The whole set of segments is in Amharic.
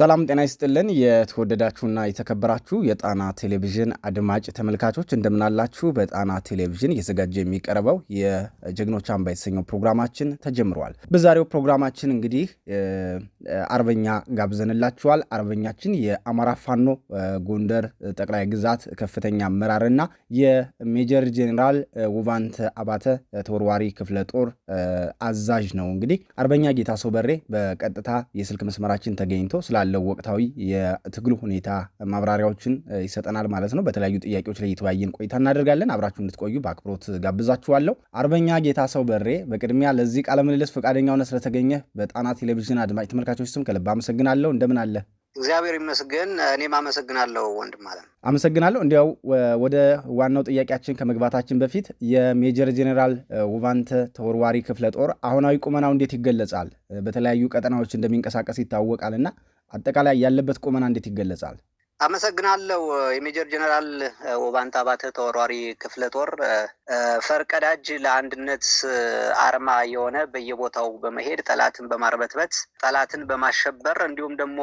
ሰላም ጤና ይስጥልን። የተወደዳችሁና የተከበራችሁ የጣና ቴሌቪዥን አድማጭ ተመልካቾች እንደምናላችሁ። በጣና ቴሌቪዥን እየዘጋጀ የሚቀርበው የጀግኖች አምባ የተሰኘው ፕሮግራማችን ተጀምሯል። በዛሬው ፕሮግራማችን እንግዲህ አርበኛ ጋብዘንላችኋል። አርበኛችን የአማራ ፋኖ ጎንደር ጠቅላይ ግዛት ከፍተኛ አመራርና የሜጀር ጄኔራል ውባንት አባተ ተወርዋሪ ክፍለ ጦር አዛዥ ነው። እንግዲህ አርበኛ ጌታ ሰው በሬ በቀጥታ የስልክ መስመራችን ተገኝቶ ስላለ ስላለው ወቅታዊ የትግል ሁኔታ ማብራሪያዎችን ይሰጠናል ማለት ነው። በተለያዩ ጥያቄዎች ላይ የተወያየን ቆይታ እናደርጋለን። አብራችሁ እንድትቆዩ በአክብሮት ጋብዛችኋለሁ። አርበኛ ጌታ ሰው በሬ፣ በቅድሚያ ለዚህ ቃለ ምልልስ ፈቃደኛ ሆነ ስለተገኘ በጣና ቴሌቪዥን አድማጭ ተመልካቾች ስም ከልብ አመሰግናለሁ። እንደምን አለ? እግዚአብሔር ይመስገን። እኔም አመሰግናለሁ ወንድም አለም። አመሰግናለሁ። እንዲያው ወደ ዋናው ጥያቄያችን ከመግባታችን በፊት የሜጀር ጄኔራል ውባንተ ተወርዋሪ ክፍለ ጦር አሁናዊ ቁመናው እንዴት ይገለጻል? በተለያዩ ቀጠናዎች እንደሚንቀሳቀስ ይታወቃልና አጠቃላይ ያለበት ቁመና እንዴት ይገለጻል? አመሰግናለሁ። የሜጀር ጀነራል ኦባንታ ባተ ተወሯሪ ክፍለ ጦር ፈርቀዳጅ ለአንድነት አርማ የሆነ በየቦታው በመሄድ ጠላትን በማርበትበት ጠላትን በማሸበር እንዲሁም ደግሞ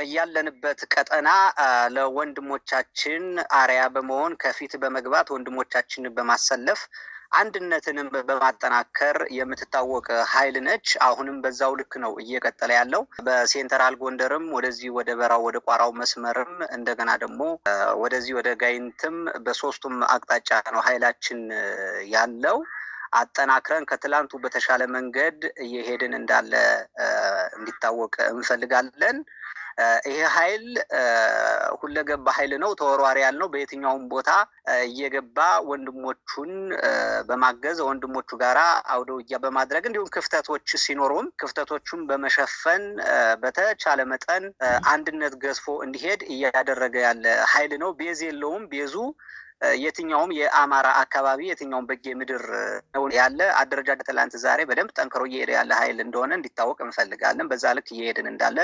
በያለንበት ቀጠና ለወንድሞቻችን አርያ በመሆን ከፊት በመግባት ወንድሞቻችን በማሰለፍ አንድነትንም በማጠናከር የምትታወቅ ኃይል ነች። አሁንም በዛው ልክ ነው እየቀጠለ ያለው በሴንትራል ጎንደርም ወደዚህ ወደ በራው ወደ ቋራው መስመርም እንደገና ደግሞ ወደዚህ ወደ ጋይንትም በሶስቱም አቅጣጫ ነው ኃይላችን ያለው አጠናክረን ከትላንቱ በተሻለ መንገድ እየሄድን እንዳለ እንዲታወቅ እንፈልጋለን። ይሄ ኃይል ሁለገባ ኃይል ነው፣ ተወርዋሪ ያል ነው። በየትኛውም ቦታ እየገባ ወንድሞቹን በማገዝ ወንድሞቹ ጋራ አውደ ውጊያ በማድረግ እንዲሁም ክፍተቶች ሲኖሩም ክፍተቶቹን በመሸፈን በተቻለ መጠን አንድነት ገዝፎ እንዲሄድ እያደረገ ያለ ኃይል ነው። ቤዝ የለውም። ቤዙ የትኛውም የአማራ አካባቢ የትኛውም በጌ ምድር ያለ አደረጃጀት ትላንት ዛሬ በደንብ ጠንክሮ እየሄደ ያለ ኃይል እንደሆነ እንዲታወቅ እንፈልጋለን። በዛ ልክ እየሄድን እንዳለ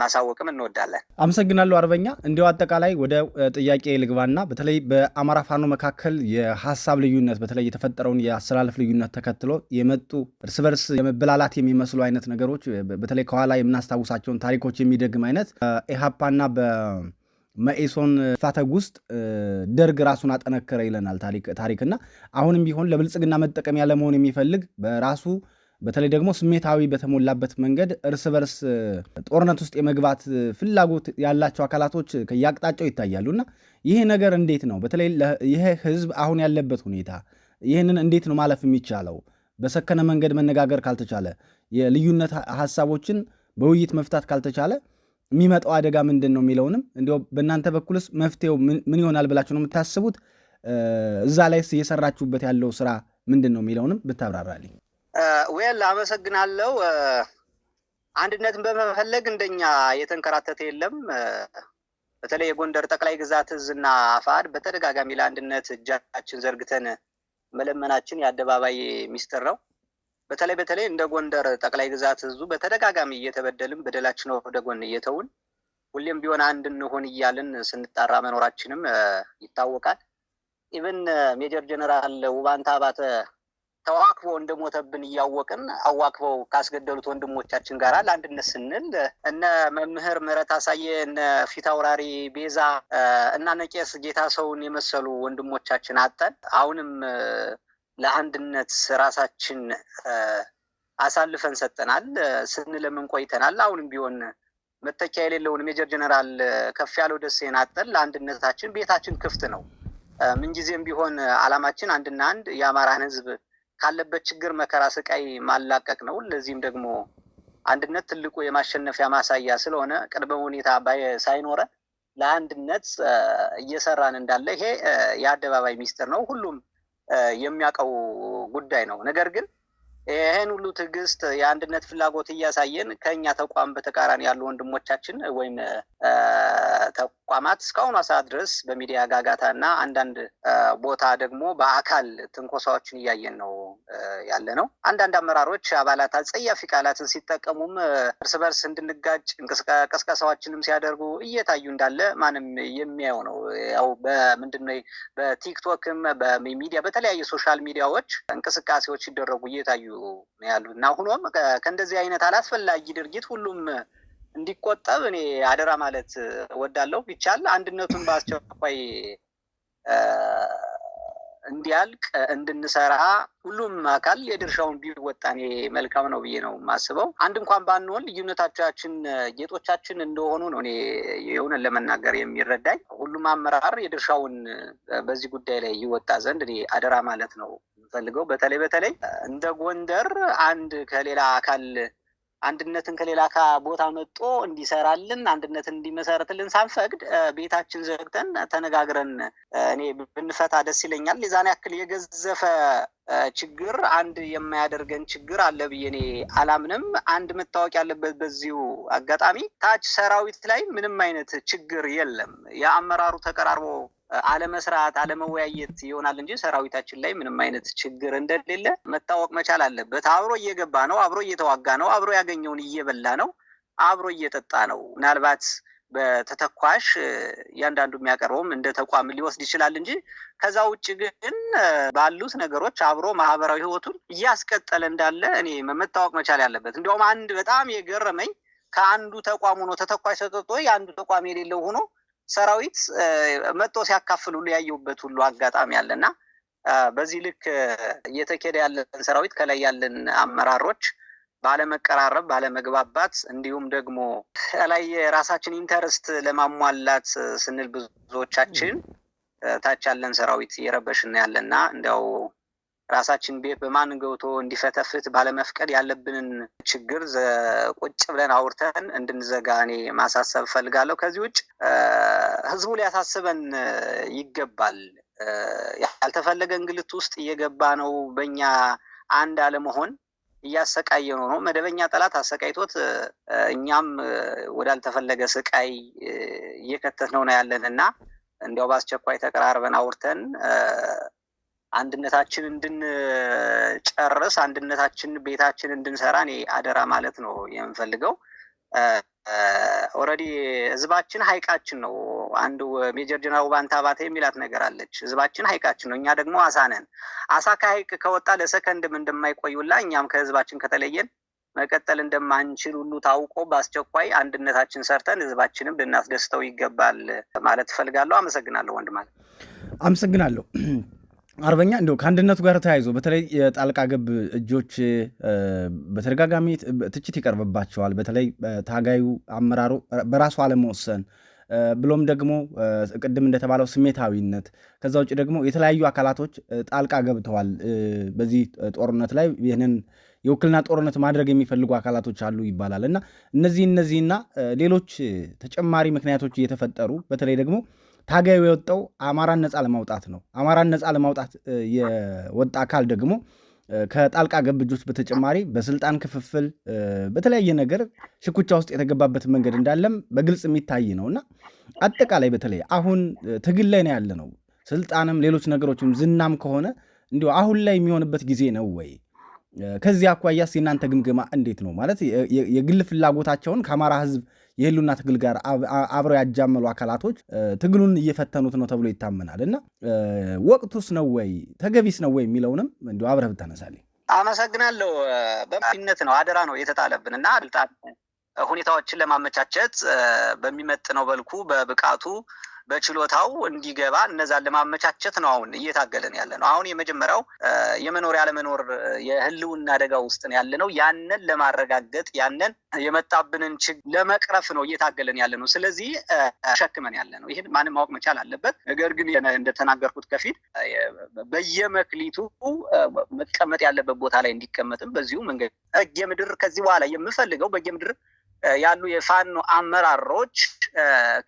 ማሳወቅም እንወዳለን። አመሰግናለሁ። አርበኛ እንዲሁ አጠቃላይ ወደ ጥያቄ ልግባና በተለይ በአማራ ፋኖ መካከል የሀሳብ ልዩነት በተለይ የተፈጠረውን የአሰላለፍ ልዩነት ተከትሎ የመጡ እርስ በርስ የመበላላት የሚመስሉ አይነት ነገሮች በተለይ ከኋላ የምናስታውሳቸውን ታሪኮች የሚደግም አይነት ኢህአፓና መኢሶን ፋተግ ውስጥ ደርግ ራሱን አጠነከረ ይለናል ታሪክና አሁንም ቢሆን ለብልጽግና መጠቀሚያ ለመሆን የሚፈልግ በራሱ በተለይ ደግሞ ስሜታዊ በተሞላበት መንገድ እርስ በርስ ጦርነት ውስጥ የመግባት ፍላጎት ያላቸው አካላቶች ከየአቅጣጫው ይታያሉ እና ይሄ ነገር እንዴት ነው? በተለይ ይሄ ህዝብ አሁን ያለበት ሁኔታ ይህንን እንዴት ነው ማለፍ የሚቻለው? በሰከነ መንገድ መነጋገር ካልተቻለ፣ የልዩነት ሀሳቦችን በውይይት መፍታት ካልተቻለ የሚመጣው አደጋ ምንድን ነው የሚለውንም እንዲ በእናንተ በኩልስ መፍትሄው ምን ይሆናል ብላችሁ ነው የምታስቡት? እዛ ላይስ እየሰራችሁበት ያለው ስራ ምንድን ነው የሚለውንም ብታብራራልኝ። ዌል አመሰግናለው አንድነትን በመፈለግ እንደኛ የተንከራተተ የለም። በተለይ የጎንደር ጠቅላይ ግዛት እዝና አፋድ በተደጋጋሚ ለአንድነት እጃችን ዘርግተን መለመናችን የአደባባይ ሚስጥር ነው። በተለይ በተለይ እንደ ጎንደር ጠቅላይ ግዛት ህዝቡ በተደጋጋሚ እየተበደልን በደላችን ወደ ጎን እየተውን ሁሌም ቢሆን አንድ እንሆን እያልን ስንጣራ መኖራችንም ይታወቃል። ኢብን ሜጀር ጀነራል ውባንታ አባተ ተዋክቦ እንደሞተብን እያወቅን አዋክበው ካስገደሉት ወንድሞቻችን ጋር ለአንድነት ስንል እነ መምህር ምህረት አሳየ፣ እነ ፊት አውራሪ ቤዛ እና ነቄስ ጌታ ሰውን የመሰሉ ወንድሞቻችን አጠን አሁንም ለአንድነት ራሳችን አሳልፈን ሰጠናል፣ ስንለምን ቆይተናል። አሁንም ቢሆን መተኪያ የሌለውን ሜጀር ጀነራል ከፍ ያለው ደሴን አጠን ለአንድነታችን ቤታችን ክፍት ነው። ምንጊዜም ቢሆን አላማችን አንድና አንድ የአማራን ህዝብ ካለበት ችግር፣ መከራ፣ ስቃይ ማላቀቅ ነው። ለዚህም ደግሞ አንድነት ትልቁ የማሸነፊያ ማሳያ ስለሆነ ቅድመ ሁኔታ ሳይኖረ ለአንድነት እየሰራን እንዳለ ይሄ የአደባባይ ሚስጥር ነው። ሁሉም የሚያውቀው ጉዳይ ነው። ነገር ግን ይህን ሁሉ ትዕግስት፣ የአንድነት ፍላጎት እያሳየን ከኛ ተቋም በተቃራኒ ያሉ ወንድሞቻችን ወይም ተቋማት እስካሁኗ ሰዓት ድረስ በሚዲያ ጋጋታ እና አንዳንድ ቦታ ደግሞ በአካል ትንኮሳዎችን እያየን ነው ያለ ነው። አንዳንድ አመራሮች አባላት አጸያፊ ቃላትን ሲጠቀሙም እርስ በርስ እንድንጋጭ ቀስቀሳዎችንም ሲያደርጉ እየታዩ እንዳለ ማንም የሚያየው ነው። ያው በምንድነው በቲክቶክም በሚዲያ በተለያዩ ሶሻል ሚዲያዎች እንቅስቃሴዎች ሲደረጉ እየታዩ ያሉ እና ሁኖም ከእንደዚህ አይነት አላስፈላጊ ድርጊት ሁሉም እንዲቆጠብ እኔ አደራ ማለት ወዳለሁ። ይቻል አንድነቱን በአስቸኳይ እንዲያልቅ እንድንሰራ ሁሉም አካል የድርሻውን ቢወጣ እኔ መልካም ነው ብዬ ነው የማስበው። አንድ እንኳን ባንሆን ልዩነታቻችን ጌጦቻችን እንደሆኑ ነው እኔ የሆነን ለመናገር የሚረዳኝ። ሁሉም አመራር የድርሻውን በዚህ ጉዳይ ላይ ይወጣ ዘንድ እኔ አደራ ማለት ነው የምፈልገው። በተለይ በተለይ እንደ ጎንደር አንድ ከሌላ አካል አንድነትን ከሌላ ካ ቦታ መጦ እንዲሰራልን አንድነትን እንዲመሰረትልን ሳንፈቅድ ቤታችን ዘግተን ተነጋግረን እኔ ብንፈታ ደስ ይለኛል። የዛን ያክል የገዘፈ ችግር አንድ የማያደርገን ችግር አለ ብዬ እኔ አላምንም። አንድ መታወቅ ያለበት በዚሁ አጋጣሚ ታች ሰራዊት ላይ ምንም አይነት ችግር የለም። የአመራሩ ተቀራርቦ አለመስራት፣ አለመወያየት ይሆናል እንጂ ሰራዊታችን ላይ ምንም አይነት ችግር እንደሌለ መታወቅ መቻል አለበት። አብሮ እየገባ ነው፣ አብሮ እየተዋጋ ነው፣ አብሮ ያገኘውን እየበላ ነው፣ አብሮ እየጠጣ ነው። ምናልባት በተተኳሽ እያንዳንዱ የሚያቀርበውም እንደ ተቋም ሊወስድ ይችላል እንጂ ከዛ ውጭ ግን ባሉት ነገሮች አብሮ ማህበራዊ ህይወቱን እያስቀጠለ እንዳለ እኔ መታወቅ መቻል ያለበት። እንዲያውም አንድ በጣም የገረመኝ ከአንዱ ተቋም ሆኖ ተተኳሽ ተጠጦ የአንዱ ተቋም የሌለው ሆኖ ሰራዊት መጥቶ ሲያካፍል ሁሉ ያየውበት ሁሉ አጋጣሚ አለ በዚህ ልክ እየተኬደ ያለን ሰራዊት ከላይ ያለን አመራሮች ባለመቀራረብ፣ ባለመግባባት እንዲሁም ደግሞ ከላይ የራሳችን ኢንተረስት ለማሟላት ስንል ብዙዎቻችን ታች ያለን ሰራዊት እየረበሽን ያለና እንዲያው ራሳችን ቤት በማን ገብቶ እንዲፈተፍት ባለመፍቀድ ያለብንን ችግር ቁጭ ብለን አውርተን እንድንዘጋ እኔ ማሳሰብ ፈልጋለሁ። ከዚህ ውጭ ህዝቡ ሊያሳስበን ይገባል። ያልተፈለገ እንግልት ውስጥ እየገባ ነው። በኛ አንድ አለመሆን እያሰቃየ ነው ነው መደበኛ ጠላት አሰቃይቶት እኛም ወዳልተፈለገ ስቃይ እየከተት ነው ነው ያለን እና እንዲያው በአስቸኳይ ተቀራርበን አውርተን አንድነታችን እንድንጨርስ አንድነታችን ቤታችን እንድንሰራ እኔ አደራ ማለት ነው የምፈልገው። ኦልሬዲ ህዝባችን ሀይቃችን ነው። አንዱ ሜጀር ጀነራል ውባንታ ባተ የሚላት ነገር አለች። ህዝባችን ሀይቃችን ነው፣ እኛ ደግሞ አሳ ነን። አሳ ከሀይቅ ከወጣ ለሰከንድም እንደማይቆዩላ እኛም ከህዝባችን ከተለየን መቀጠል እንደማንችል ሁሉ ታውቆ በአስቸኳይ አንድነታችን ሰርተን ህዝባችንም ልናስደስተው ይገባል ማለት እፈልጋለሁ። አመሰግናለሁ ወንድም አመሰግናለሁ። አርበኛ እንደው ከአንድነቱ ጋር ተያይዞ በተለይ የጣልቃ ገብ እጆች በተደጋጋሚ ትችት ይቀርብባቸዋል። በተለይ ታጋዩ አመራሩ በራሱ አለመወሰን ብሎም ደግሞ ቅድም እንደተባለው ስሜታዊነት፣ ከዛ ውጭ ደግሞ የተለያዩ አካላቶች ጣልቃ ገብተዋል በዚህ ጦርነት ላይ ይህንን የውክልና ጦርነት ማድረግ የሚፈልጉ አካላቶች አሉ ይባላል እና እነዚህ እነዚህና ሌሎች ተጨማሪ ምክንያቶች እየተፈጠሩ በተለይ ደግሞ ታጋዩ የወጣው አማራን ነፃ ለማውጣት ነው። አማራን ነፃ ለማውጣት የወጣ አካል ደግሞ ከጣልቃ ገብጆች በተጨማሪ በስልጣን ክፍፍል በተለያየ ነገር ሽኩቻ ውስጥ የተገባበት መንገድ እንዳለም በግልጽ የሚታይ ነው እና አጠቃላይ በተለይ አሁን ትግል ላይ ነው ያለ ነው። ስልጣንም ሌሎች ነገሮችም ዝናም ከሆነ እንዲሁ አሁን ላይ የሚሆንበት ጊዜ ነው ወይ? ከዚህ አኳያስ የእናንተ ግምገማ እንዴት ነው? ማለት የግል ፍላጎታቸውን ከአማራ ህዝብ የህሉና ትግል ጋር አብረው ያጃመሉ አካላቶች ትግሉን እየፈተኑት ነው ተብሎ ይታመናል እና ወቅቱስ ነው ወይ ተገቢስ ነው ወይ የሚለውንም እንዲሁ አብረህ ብታነሳልኝ አመሰግናለሁ። በፊነት ነው አደራ ነው የተጣለብን እና ስልጣን ሁኔታዎችን ለማመቻቸት በሚመጥነው መልኩ በብቃቱ በችሎታው እንዲገባ እነዛን ለማመቻቸት ነው አሁን እየታገለን ያለ ነው። አሁን የመጀመሪያው የመኖር ያለመኖር የህልውና አደጋ ውስጥ ያለ ነው። ያንን ለማረጋገጥ ያንን የመጣብንን ችግር ለመቅረፍ ነው እየታገለን ያለ ነው። ስለዚህ ሸክመን ያለ ነው። ይህን ማንም ማወቅ መቻል አለበት። ነገር ግን እንደተናገርኩት ከፊት በየመክሊቱ መቀመጥ ያለበት ቦታ ላይ እንዲቀመጥም በዚሁ መንገድ ህገ ምድር ከዚህ በኋላ የምፈልገው በጌ ምድር ያሉ የፋኖ አመራሮች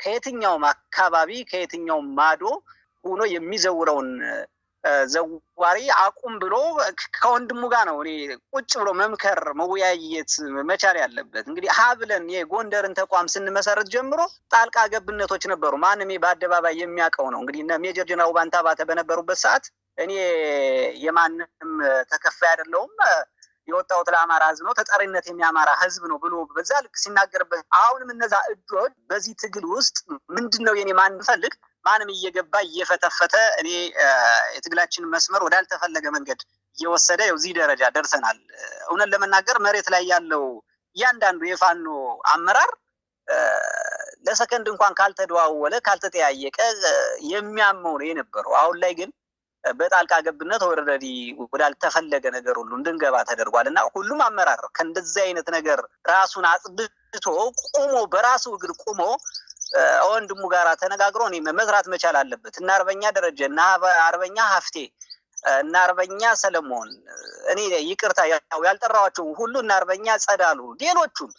ከየትኛውም አካባቢ ከየትኛውም ማዶ ሆኖ የሚዘውረውን ዘዋሪ አቁም ብሎ ከወንድሙ ጋር ነው እኔ ቁጭ ብሎ መምከር መወያየት መቻል ያለበት። እንግዲህ ብለን የጎንደርን ተቋም ስንመሰረት ጀምሮ ጣልቃ ገብነቶች ነበሩ። ማንም በአደባባይ የሚያውቀው ነው። እንግዲህ ሜጀር ጀነራል ባንታ ባተ በነበሩበት ሰዓት እኔ የማንም ተከፋይ አይደለውም የወጣሁት ለአማራ ህዝብ ነው፣ ተጠሪነት የሚያማራ ህዝብ ነው ብሎ በዛ ልክ ሲናገርበት፣ አሁንም እነዛ እጆች በዚህ ትግል ውስጥ ምንድን ነው የኔ ፈልግ ማንም እየገባ እየፈተፈተ እኔ የትግላችን መስመር ወዳልተፈለገ መንገድ እየወሰደ እዚህ ደረጃ ደርሰናል። እውነት ለመናገር መሬት ላይ ያለው እያንዳንዱ የፋኖ አመራር ለሰከንድ እንኳን ካልተደዋወለ ካልተጠያየቀ የሚያመው ነው የነበረው። አሁን ላይ ግን በጣልቃ ገብነት ወረረዲ ወዳልተፈለገ ነገር ሁሉ እንድንገባ ተደርጓል እና ሁሉም አመራር ከእንደዚህ አይነት ነገር ራሱን አጽድቶ ቁሞ በራሱ እግር ቁሞ ወንድሙ ጋር ተነጋግሮ መዝራት መቻል አለበት እና አርበኛ ደረጀ እና አርበኛ ሀፍቴ እና አርበኛ ሰለሞን እኔ ይቅርታ ያልጠራዋቸው ሁሉ እና አርበኛ ጸዳሉ ሌሎቹም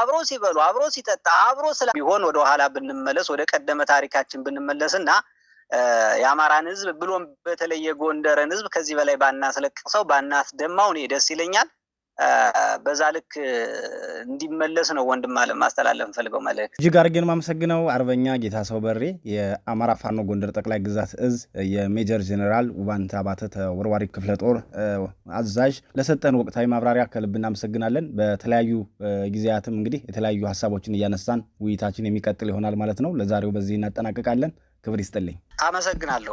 አብሮ ሲበሉ አብሮ ሲጠጣ አብሮ ወደ ወደኋላ ብንመለስ ወደ ቀደመ ታሪካችን ብንመለስ እና የአማራን ህዝብ ብሎም በተለይ የጎንደርን ህዝብ ከዚህ በላይ ባናስለቅሰው ባናስደማው እኔ ደስ ይለኛል። በዛ ልክ እንዲመለስ ነው ወንድም አለም ማስተላለፍ እንፈልገው መልእክት። እጅግ አድርጌን ማመሰግነው አርበኛ ጌታ ሰው በሬ የአማራ ፋኖ ጎንደር ጠቅላይ ግዛት እዝ የሜጀር ጀኔራል ውባንታ አባተ ተወርዋሪ ክፍለ ጦር አዛዥ ለሰጠን ወቅታዊ ማብራሪያ ከልብ እናመሰግናለን። በተለያዩ ጊዜያትም እንግዲህ የተለያዩ ሀሳቦችን እያነሳን ውይይታችን የሚቀጥል ይሆናል ማለት ነው። ለዛሬው በዚህ እናጠናቀቃለን። ክብር ይስጥልኝ። አመሰግናለሁ።